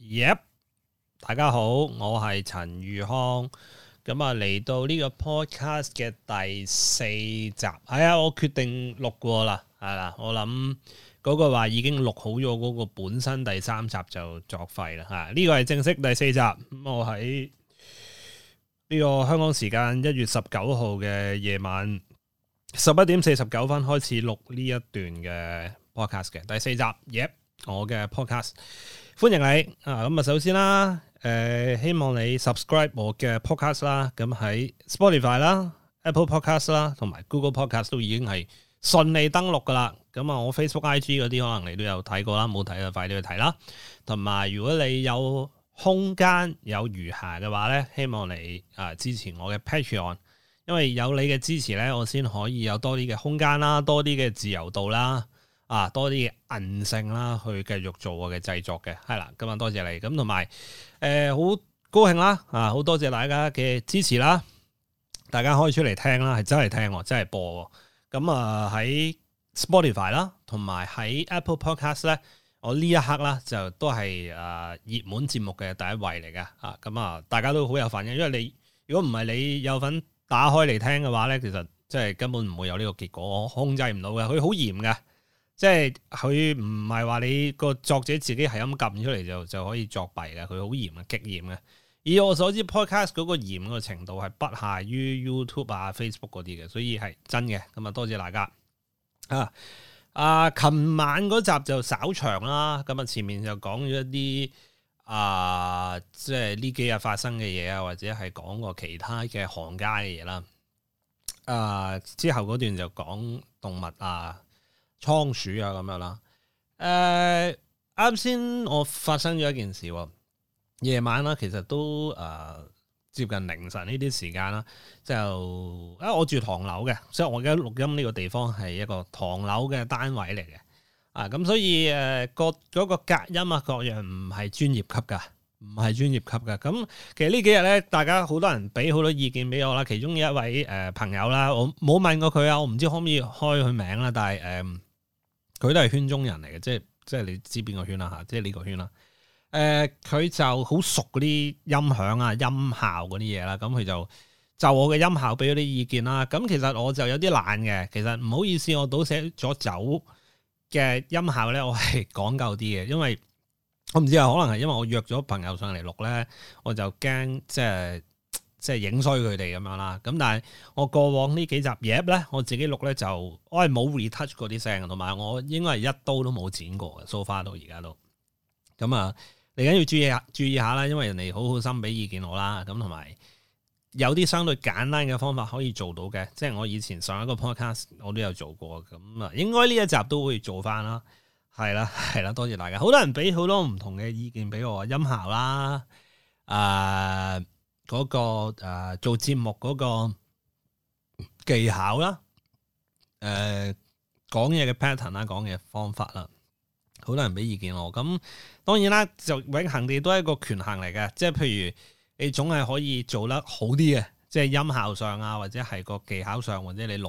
Yep，大家好，我係陳裕康，咁啊嚟到呢個 podcast 嘅第四集，係、哎、啊，我決定錄過啦，係啦，我諗嗰個話已經錄好咗，嗰個本身第三集就作廢啦，吓呢、呢個係正式第四集，咁、嗯、我喺呢個香港時間一月十九號嘅夜晚十一點四十九分開始錄呢一段嘅 podcast 嘅第四集，Yep。我嘅 podcast，歡迎你啊！咁啊，首先啦，誒、呃，希望你 subscribe 我嘅 podcast 啦、啊，咁喺 Spotify 啦、啊、Apple Podcast 啦、啊，同埋 Google Podcast 都已經係順利登錄㗎啦。咁啊，我 Facebook、IG 嗰啲可能你都有睇過啦，冇睇就快啲去睇啦。同埋，如果你有空間有餘下嘅話咧，希望你啊支持我嘅 Patreon，因為有你嘅支持咧，我先可以有多啲嘅空間啦，多啲嘅自由度啦。啊，多啲韌性啦，去繼續做我嘅製作嘅，係啦。今晚多謝你，咁同埋誒好高興啦，啊好多謝大家嘅支持啦，大家可以出嚟聽啦，係真係聽、喔，真係播、喔。咁啊喺 Spotify 啦，同埋喺 Apple Podcast 咧，我呢一刻啦就都係誒、啊、熱門節目嘅第一位嚟嘅。啊，咁啊大家都好有反應，因為你如果唔係你有份打開嚟聽嘅話咧，其實即係根本唔會有呢個結果，我控制唔到嘅，佢好嚴嘅。即係佢唔係話你個作者自己係咁撳出嚟就就可以作弊嘅，佢好嚴嘅，極嚴嘅。以我所知，podcast 嗰個嚴嗰個程度係不下於 YouTube 啊、Facebook 嗰啲嘅，所以係真嘅。咁啊，多謝大家啊！啊，琴晚嗰集就稍長啦。咁啊，前面就講咗一啲啊，即係呢幾日發生嘅嘢啊，或者係講過其他嘅行家嘅嘢啦。啊，之後嗰段就講動物啊。倉鼠啊咁樣啦，誒、呃，啱先我發生咗一件事，夜晚啦，其實都誒、呃、接近凌晨呢啲時間啦，就因、呃、我住唐樓嘅，所以我而家錄音呢個地方係一個唐樓嘅單位嚟嘅，啊，咁所以誒、呃、各嗰、那個隔音啊各樣唔係專業級噶，唔係專業級噶，咁其實幾呢幾日咧，大家好多人俾好多意見俾我啦，其中有一位誒、呃、朋友啦，我冇問過佢啊，我唔知可唔可以開佢名啦，但係誒。呃佢都係圈中人嚟嘅，即係即係你知邊個圈啦吓，即係呢個圈啦。誒、呃，佢就好熟啲音響啊音效嗰啲嘢啦，咁佢就就我嘅音效俾咗啲意見啦。咁其實我就有啲懶嘅，其實唔好意思，我倒寫咗酒嘅音效咧，我係講究啲嘅，因為我唔知啊，可能係因為我約咗朋友上嚟錄咧，我就驚即係。即係影衰佢哋咁樣啦，咁但係我過往呢幾集嘢咧 Yeah,，我自己錄咧就我係冇 retouch 過啲聲，同埋我應該係一刀都冇剪過嘅，so far 到而家都。咁、嗯、啊，嚟緊要注意下，注意下啦，因為人哋好好心俾意見我啦，咁同埋有啲相對簡單嘅方法可以做到嘅，即係我以前上一個 podcast 我都有做過，咁、嗯、啊，應該呢一集都會做翻啦，係啦，係啦，多謝大家，好多人俾好多唔同嘅意見俾我，音效啦，誒、呃。嗰、嗰個、呃、做節目嗰個技巧啦，誒講嘢嘅 pattern 啦，講嘢方法啦，好多人俾意見我。咁當然啦，就永恒地都係一個權衡嚟嘅，即係譬如你總係可以做得好啲嘅，即係音效上啊，或者係個技巧上，或者你錄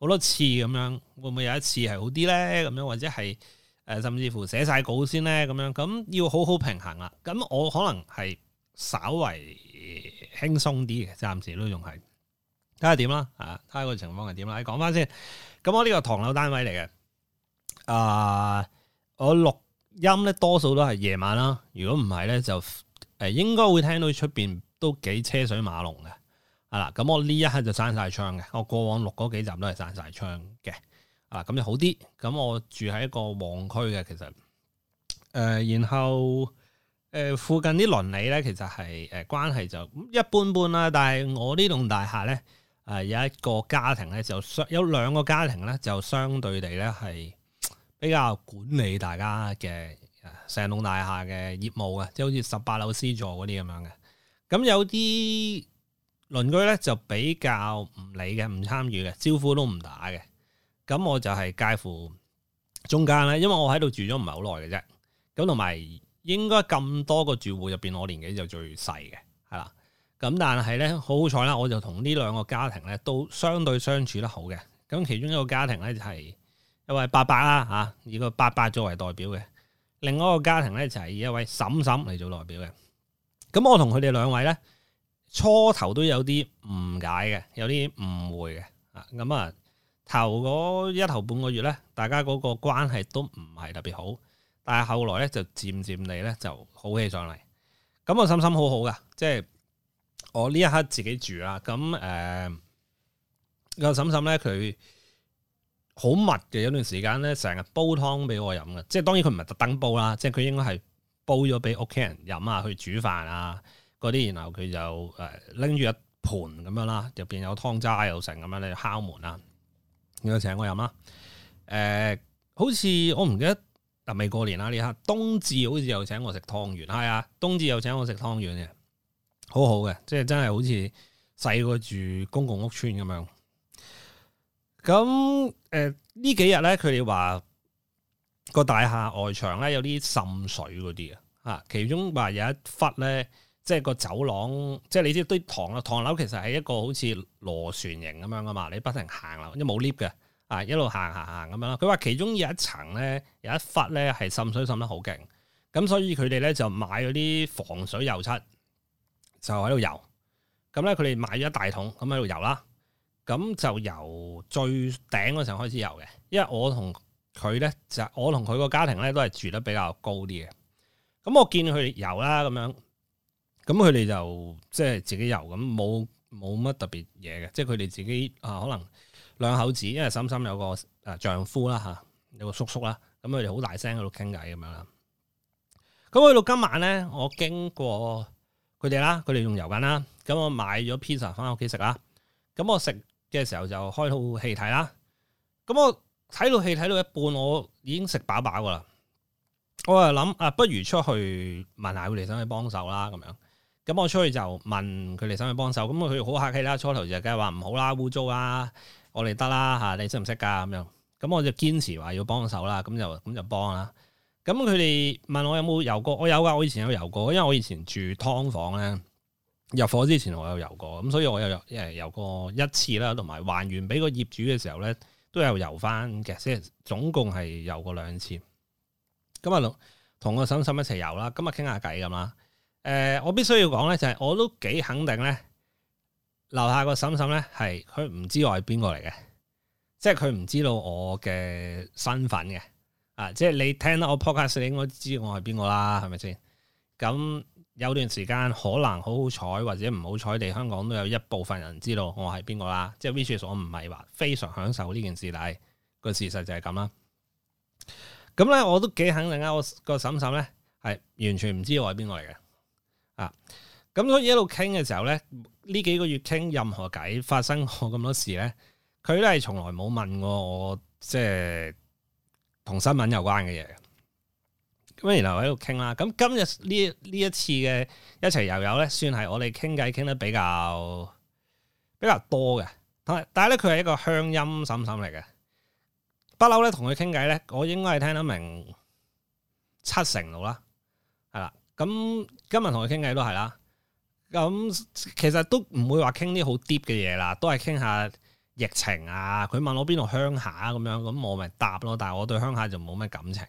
好多次咁樣，會唔會有一次係好啲咧？咁樣或者係誒、呃、甚至乎寫晒稿先咧咁樣，咁要好好平衡啦。咁我可能係稍微～輕鬆啲嘅，暫時都仲係睇下點啦，啊，睇下個情況係點啦。講翻先，咁我呢個唐樓單位嚟嘅，啊、呃，我錄音咧多數都係夜晚啦。如果唔係咧，就誒、呃、應該會聽到出邊都幾車水馬龍嘅。係、嗯、啦，咁我呢一刻就閂晒窗嘅。我過往錄嗰幾集都係閂晒窗嘅。啊、嗯，咁就好啲。咁我住喺一個旺區嘅，其實誒、呃，然後。誒、呃，附近啲鄰里咧，其實係誒、呃、關係就一般般啦。但係我呢棟大廈咧，誒、呃、有一個家庭咧，就有兩個家庭咧，就相對地咧係比較管理大家嘅成棟大廈嘅業務呀，即係好似十八樓 C 座嗰啲咁樣嘅。咁有啲鄰居咧就比較唔理嘅，唔參與嘅，招呼都唔打嘅。咁我就係介乎中間咧，因為我喺度住咗唔係好耐嘅啫。咁同埋。應該咁多個住戶入邊，我年紀就最細嘅，係啦。咁但係咧，好彩啦，我就同呢兩個家庭咧都相對相處得好嘅。咁其中一個家庭咧就係、是、一位伯伯啦，嚇、啊、以個伯伯作為代表嘅；另外一個家庭咧就係、是、以一位嬸嬸嚟做代表嘅。咁我同佢哋兩位咧初頭都有啲誤解嘅，有啲誤會嘅，啊咁啊頭嗰一頭半個月咧，大家嗰個關係都唔係特別好。但係後來咧就漸漸地咧就好起上嚟，咁我嬸嬸好好噶，即係我呢一刻自己住啦，咁誒個嬸嬸咧佢好密嘅，有段時間咧成日煲湯俾我飲噶，即係當然佢唔係特登煲啦，即係佢應該係煲咗俾屋企人飲啊，去煮飯啊嗰啲，然後佢就誒拎住一盤咁樣啦，入邊有湯渣又成咁樣嚟敲門啊，然後請我飲啦，誒、呃、好似我唔記得。嗱，未過年啦呢刻，冬至好似又請我食湯圓，係啊，冬至又請我食湯圓嘅，好好嘅，即係真係好似細個住公共屋邨咁樣。咁誒、呃、呢幾日咧，佢哋話個大廈外牆咧有啲滲水嗰啲啊，啊，其中話有一忽咧，即係個走廊，即係你知，堆唐啊，唐樓其實係一個好似螺旋形咁樣啊嘛，你不停行啊，即冇 lift 嘅。啊！一路行行行咁樣咯。佢話其中有一層咧，有一忽咧係滲水滲得好勁，咁所以佢哋咧就買嗰啲防水油漆，就喺度油。咁咧佢哋買咗一大桶，咁喺度油啦。咁就由最頂嗰層開始油嘅。因為我同佢咧就是、我同佢個家庭咧都係住得比較高啲嘅。咁我見佢哋油啦，咁樣，咁佢哋就即係、就是、自己油，咁冇冇乜特別嘢嘅，即係佢哋自己啊可能。兩口子，因為嬸嬸有個誒丈夫啦，吓，啊，有個叔叔啦，咁佢哋好大聲喺度傾偈咁樣啦。咁去到今晚咧，我經過佢哋啦，佢哋髹緊油啦。咁，啊嗯，我買咗 pizza 翻屋企食啦。咁，啊嗯，我食嘅時候就開套戲睇啦。咁，啊嗯，我睇到戲睇到一半，我已經食飽飽噶啦。我啊諗啊，不如出去問下佢哋想去幫手啦咁樣。咁，啊嗯，我出去就問佢哋想去幫手。咁佢哋好客氣啦，初頭就梗係話唔好啦，污糟啦。我哋得啦嚇，你識唔識噶咁樣？咁我就堅持話要幫手啦，咁就咁就幫啦。咁佢哋問我有冇油過，我有噶。我以前有油過，因為我以前住劏房咧，入伙之前我有油過，咁所以我有油誒油過一次啦。同埋還原俾個業主嘅時候咧，都有油翻嘅，即係總共係油過兩次。今日同個嬸嬸一齊油啦，今日傾下偈咁啦。誒、呃，我必須要講咧、就係，就係我都幾肯定咧。樓下個嬸嬸咧，係佢唔知我係邊個嚟嘅，即係佢唔知道我嘅身份嘅，啊，即係你聽到我 podcast 你應該知我係邊個啦，係咪先？咁有段時間可能好好彩或者唔好彩地，香港都有一部分人知道我係邊個啦，即係 which is 我唔係話非常享受呢件事，但係個事實就係咁啦。咁咧我都幾肯定啊，我個嬸嬸咧係完全唔知我係邊個嚟嘅，啊。咁所以一路傾嘅時候咧，呢幾個月傾任何偈，發生過咁多事咧，佢都係從來冇問過我，即係同新聞有關嘅嘢。咁然後喺度傾啦。咁今日呢呢一次嘅一齊髹油咧，算係我哋傾偈傾得比較比較多嘅。同埋，但係咧佢係一個鄉音嬸嬸嚟嘅，不嬲咧同佢傾偈咧，我應該係聽得明七成到啦，係啦。咁今日同佢傾偈都係啦。咁其實都唔會話傾啲好 deep 嘅嘢啦，都係傾下疫情啊。佢問我邊度鄉下咁樣，咁我咪答咯。但係我對鄉下就冇咩感情。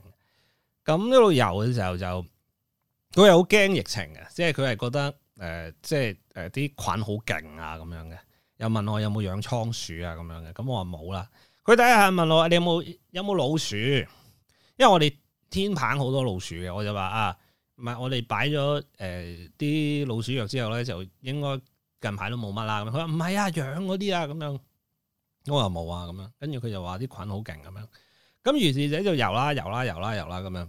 咁一路游嘅時候就，佢係好驚疫情嘅，即係佢係覺得誒、呃，即係誒啲菌好勁啊咁樣嘅。又問我有冇養倉鼠啊咁樣嘅，咁我話冇啦。佢第一下問我你有冇有冇老鼠，因為我哋天棚好多老鼠嘅，我就話啊。唔係，我哋擺咗誒啲老鼠藥之後咧，就應該近排都冇乜啦。咁佢話唔係啊，養嗰啲啊，咁樣，我話冇啊，咁樣，跟住佢就話啲菌好勁咁樣。咁於是者，就油啦，油啦，油啦，油啦，咁樣，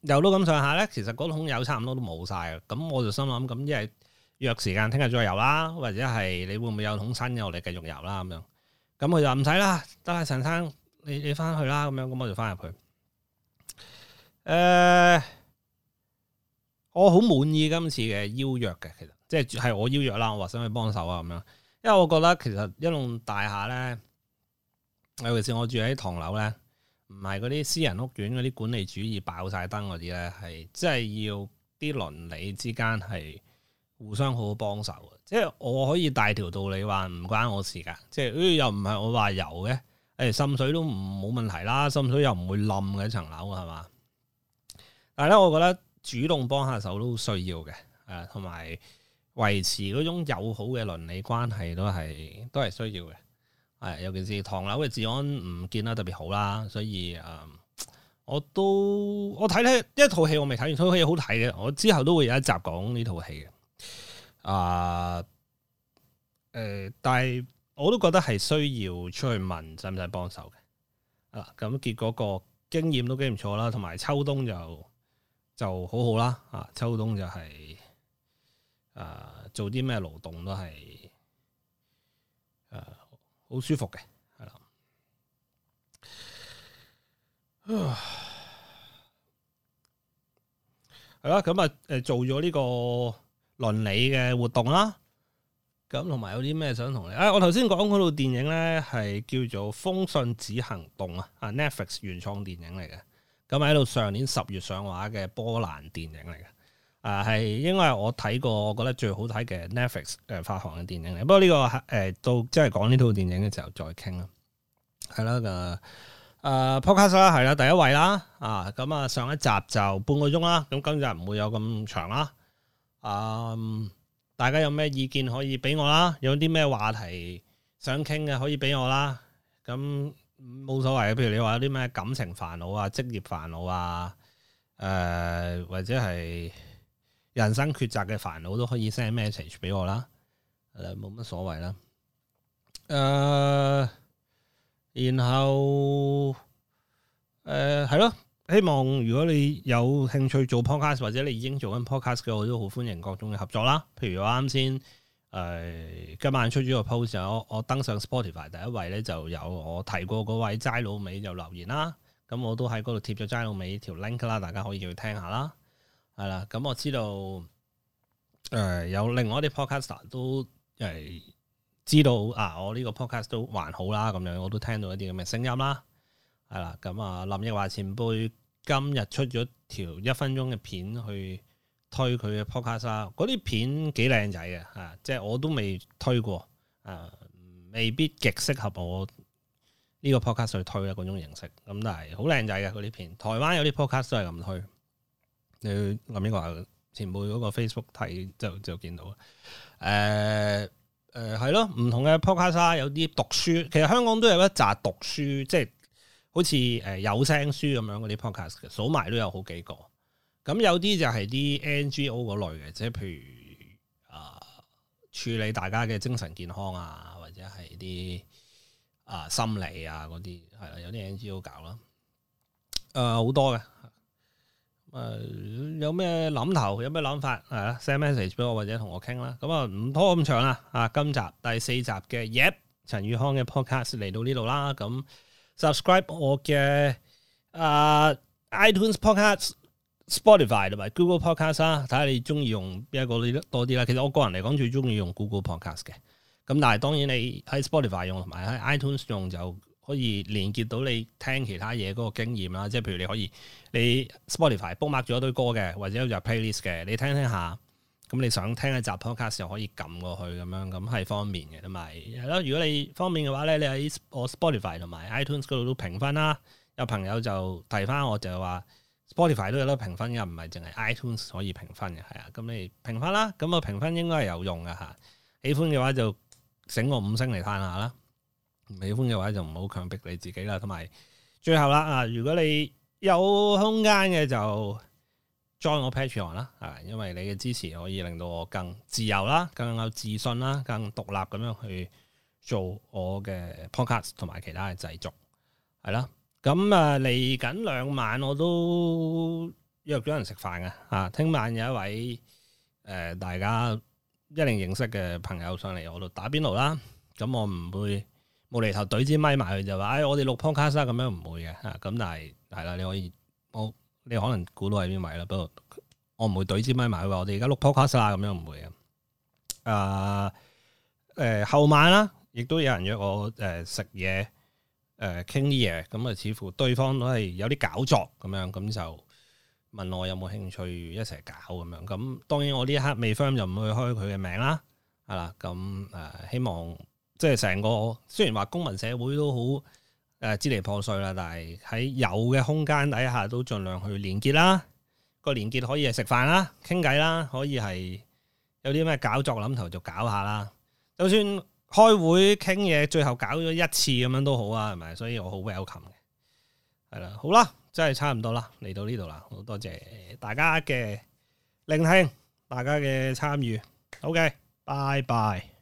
油到咁上下咧，其實嗰桶油差唔多都冇晒，咁我就心諗，咁一係約時間聽日再油啦，或者係你會唔會有桶新嘅，我哋繼續油啦，咁樣。咁佢就唔使啦，得啦，陳生，你你翻去啦，咁樣，咁我就翻入去誒。呃我好滿意今次嘅邀約嘅，其實即係係我邀約啦，我話想去幫手啊咁樣，因為我覺得其實一棟大廈咧，尤其是我住喺唐樓咧，唔係嗰啲私人屋苑嗰啲管理主義爆晒燈嗰啲咧，係真係要啲鄰里之間係互相好好幫手嘅，即係我可以大條道理話唔關我事噶，即係又唔係我話有嘅，誒、哎、滲水都唔冇問題啦，滲水又唔會冧嘅一層樓係嘛，但係咧我覺得。主動幫下手都需要嘅，誒、啊，同埋維持嗰種友好嘅鄰里關係都係都係需要嘅，尤其係唐樓嘅治安唔見得特別好啦，所以誒、啊，我都我睇咧一套戲，我，看看我未睇完，套戲好睇嘅，我之後都會有一集講呢套戲嘅，啊，誒、呃，但係我都覺得係需要出去問，使唔使幫手嘅，啊，咁結果個經驗都幾唔錯啦，同埋秋冬就。就好好啦，啊，秋冬就係、是、誒、呃、做啲咩勞動都係好、呃、舒服嘅，係啦。係啦，咁啊誒做咗呢個倫理嘅活動啦，咁同埋有啲咩想同你？誒、哎，我頭先講嗰套電影咧係叫做《風信子行動》啊，Netflix 原創電影嚟嘅。咁喺度上年十月上畫嘅波蘭電影嚟嘅，啊係，因為我睇過，我覺得最好睇嘅 Netflix 誒發行嘅電影嚟。不過呢、這個誒到即係講呢套電影嘅時候再傾啦，係啦，誒、啊、Podcast 啦，係啦，第一位啦，啊咁啊上一集就半個鐘啦，咁今日唔會有咁長啦，啊大家有咩意見可以俾我啦，有啲咩話題想傾嘅可以俾我啦，咁、啊。冇所謂嘅，譬如你話啲咩感情煩惱啊、職業煩惱啊、誒、呃、或者係人生抉擇嘅煩惱，都可以 send message 俾我啦，冇、呃、乜所謂啦。誒、呃，然後誒係咯，希望如果你有興趣做 podcast 或者你已經做緊 podcast 嘅，我都好歡迎各種嘅合作啦。譬如我啱先。誒、呃，今晚出咗個 post，我，我登上 Spotify 第一位咧，就有我提過嗰位齋老尾就留言啦。咁我都喺嗰度貼咗齋老尾條 link 啦，大家可以去聽下啦。係、嗯、啦，咁、嗯、我知道誒、呃、有另外一啲 podcaster 都誒、嗯、知道啊，我呢個 podcast 都還好啦。咁、嗯、樣我都聽到一啲咁嘅聲音啦。係、嗯、啦，咁、嗯、啊林奕華前輩今日出咗條一分鐘嘅片去推佢嘅 podcast 嗰啲片幾靚仔嘅嚇，即係我都未推過啊，未必極適合我呢個 podcast 去推啦，嗰種形式。咁但係好靚仔嘅嗰啲片，台灣有啲 podcast 都係咁推。你林英華前輩嗰個 Facebook 睇就，就見到誒誒，係咯，唔同嘅 podcast 有啲讀書，其實香港都有一集讀書，即係好似誒有聲書咁樣嗰啲 podcast 數埋都有好幾個。咁有啲就係啲 NGO 嗰類嘅，即係譬如啊、呃，處理大家嘅精神健康啊，或者係啲啊心理啊嗰啲，係啦，有啲 NGO 搞啦，誒、呃、好多嘅。咁有咩諗頭？有咩諗法？係啦，send message 俾我或者同我傾啦。咁、嗯、啊，唔拖咁長啦。啊，今集第四集嘅 YEP，陳宇康嘅 podcast 嚟到呢度啦。咁、嗯、subscribe 我嘅啊、呃、iTunes podcast Spotify 同埋 Google Podcast 啦，睇下你中意用邊一個咧多啲啦。其實我個人嚟講最中意用 Google Podcast 嘅。咁但係當然你喺 Spotify 用同埋喺 iTunes 用就可以連結到你聽其他嘢嗰個經驗啦。即係譬如你可以你 Spotify bookmark 咗一堆歌嘅，或者有 playlist 嘅，你聽聽下。咁你想聽一集 Podcast 又可以撳過去咁樣，咁係方便嘅。咁咪係咯。如果你方便嘅話咧，你喺我 Spotify 同埋 iTunes 嗰度都評分啦。有朋友就提翻我就話。Spotify 都有得評分嘅，唔係淨係 iTunes 可以評分嘅，係啊，咁、嗯、你評分啦，咁個評分應該係有用嘅吓、啊，喜歡嘅話就醒我五星嚟嘆下啦，唔喜歡嘅話就唔好強迫你自己啦。同埋最後啦啊，如果你有空間嘅就 join 我 Patreon 啦，係、啊、因為你嘅支持可以令到我更自由啦，更有自信啦，更獨立咁樣去做我嘅 podcast 同埋其他嘅製作，係啦。咁啊，嚟緊、嗯、兩晚我都約咗人食飯啊。嚇。聽晚有一位誒、呃、大家一定認識嘅朋友上嚟我度打邊爐啦。咁、啊嗯、我唔會無厘頭懟支咪埋佢就話，哎，我哋錄 podcast 啦，咁樣唔會嘅嚇。咁、啊、但係係啦，你可以我你可能估到喺邊位啦，不過我唔會懟支咪埋佢話我哋而家錄 podcast 啦，咁樣唔會嘅。啊誒、呃、後晚啦，亦都有人約我誒食嘢。呃誒傾啲嘢，咁啊、呃、似乎對方都係有啲搞作咁樣，咁就問我有冇興趣一齊搞咁樣。咁當然我呢一刻未 firm 就唔去開佢嘅名啦，係啦。咁誒、呃、希望即係成個雖然話公民社會都好誒支離破碎啦，但係喺有嘅空間底下都盡量去連結啦。個連結可以係食飯啦、傾偈啦，可以係有啲咩搞作諗頭就搞下啦。就算。開會傾嘢，最後搞咗一次咁樣都好啊，係咪？所以我好 welcome 嘅，係啦，好啦，真係差唔多啦，嚟到呢度啦，好多謝大家嘅聆聽，大家嘅參與，OK，拜拜。